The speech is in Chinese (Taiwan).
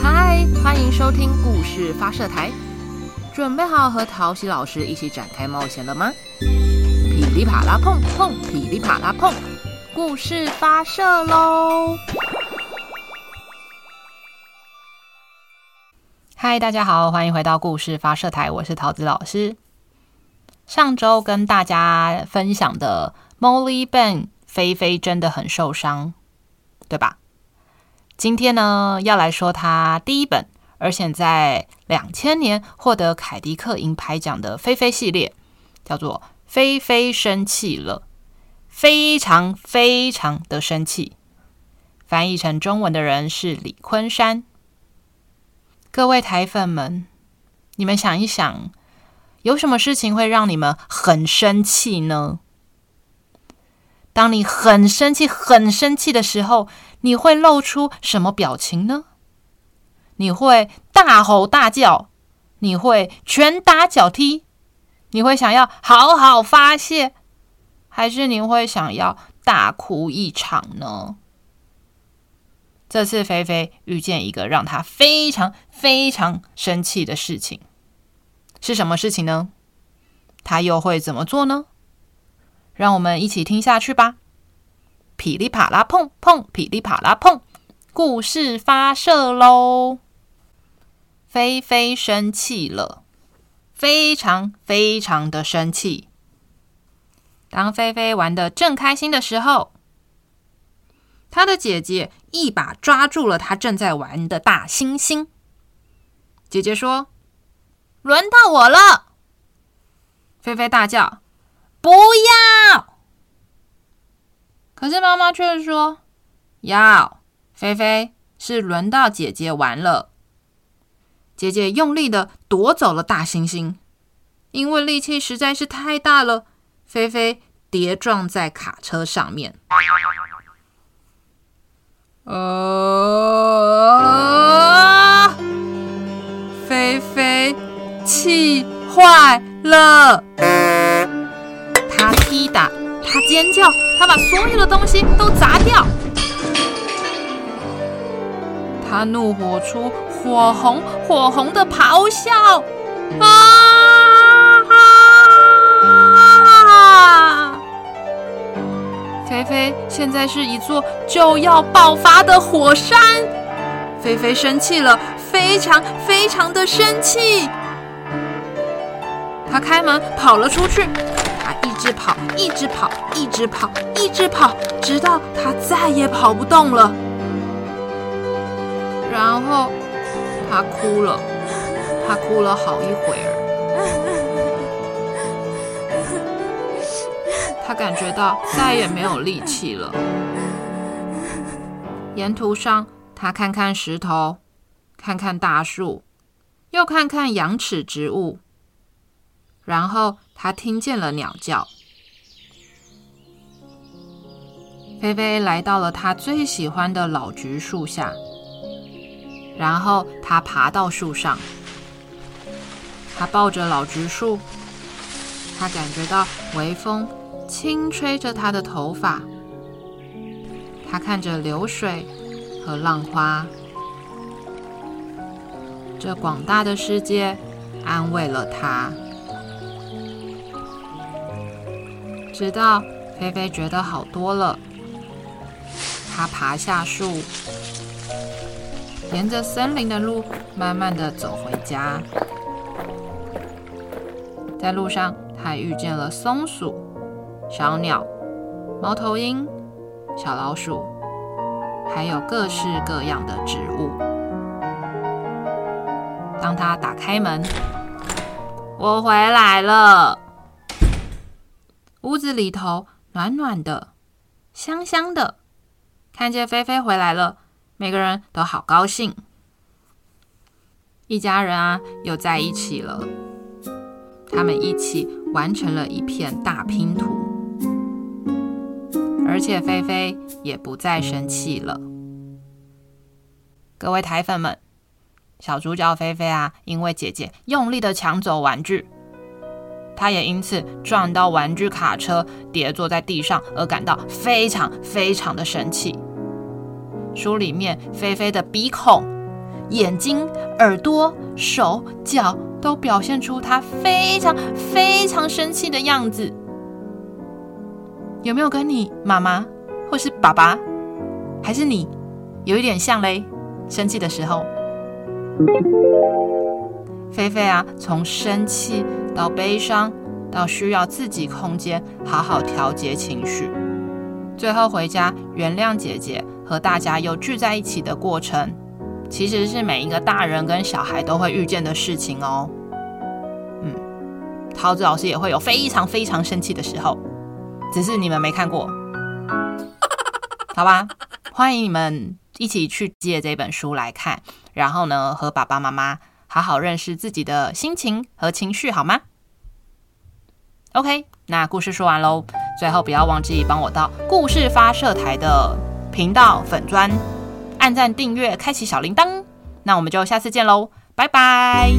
嗨，歡迎收聽故事發射台，準備好和桃喜老師一起展開冒險了嗎？噼里啪啦碰碰，噼里啪啦碰，故事發射嘍！嗨，大家好，歡迎回到故事發射台，我是桃子老師。上週跟大家分享的 Molly Bang，菲菲真的很受傷，對吧？今天呢，要來說他第一本，而且在兩千年獲得凱迪克銀牌獎的《菲菲系列》，叫做《菲菲生氣了》，非常非常的生氣。翻譯成中文的人是李昆山。各位台粉們，你們想一想，有什麼事情會讓你們很生氣呢？當你很生氣、很生氣的時候。你會露出什麼表情呢？你會大吼大叫，你會拳打腳踢，你會想要好好發洩，還是你會想要大哭一場呢？這次菲菲遇見一個讓他非常非常生氣的事情，是什麼事情呢？他又會怎麼做呢？讓我們一起聽下去吧。噼裡啪啦碰碰，噼裡啪啦碰，故事發射嘍！菲菲生氣了，非常非常的生氣。當菲菲玩得正開心的時候，她的姐姐一把抓住了她正在玩的大猩猩。姐姐說：“輪到我了！”菲菲大叫：“不要！”可是媽媽卻說：“要菲菲是輪到姐姐玩了。”姐姐用力的奪走了大猩猩，因為力氣實在是太大了，菲菲跌撞在卡車上面。哦、呃，菲菲氣壞了，他踢打。他尖叫，他把所有的東西都砸掉，他怒火出火紅火紅的咆哮，啊！菲菲現在是一座就要爆發的火山，菲菲生氣了，非常非常的生氣，他開門跑了出去。一直跑，一直跑，一直跑，一直跑，直到他再也跑不動了。然後他哭了，他哭了好一會兒。他感覺到再也沒有力氣了。沿途上，他看看石頭，看看大樹，又看看羊齒植物，然後。他聽見了鳥叫。菲菲來到了他最喜歡的老橘樹下，然後他爬到樹上。他抱着老橘樹，他感覺到微風輕吹着他的頭髮。他看着流水和浪花，這廣大的世界安慰了他。直到菲菲覺得好多了，它爬下樹，沿着森林的路，慢慢的走回家。在路上，它遇見了松鼠、小鳥、貓頭鷹、小老鼠，還有各式各樣的植物。當它打開門，我回來了。屋子裡頭暖暖的，香香的。看見菲菲回來了，每個人都好高興。一家人啊，又在一起了。他們一起完成了一片大拼圖，而且菲菲也不再生氣了。各位台粉們，小主角菲菲啊，因為姐姐用力的搶走玩具。他也因此撞到玩具卡車，跌坐在地上，而感到非常非常的生氣。書裡面，菲菲的鼻孔、眼睛、耳朵、手腳都表現出他非常非常生氣的樣子。有沒有跟你媽媽或是爸爸，還是你，有一點像嘞？生氣的時候。嗯。菲菲啊，從生氣到悲傷，到需要自己空間好好調節情緒，最後回家原諒姐姐和大家又聚在一起的過程，其實是每一個大人跟小孩都會遇見的事情哦。嗯，桃子老師也會有非常非常生氣的時候，只是你們沒看過。好吧？歡迎你們一起去借這本書來看，然後呢，和爸爸媽媽。好好認識自己的心情和情緒，好嗎？OK，那故事說完嘍。最後不要忘記幫我到故事發射台的頻道粉專按讚訂閱，開啟小鈴鐺。那我們就下次見嘍，拜拜。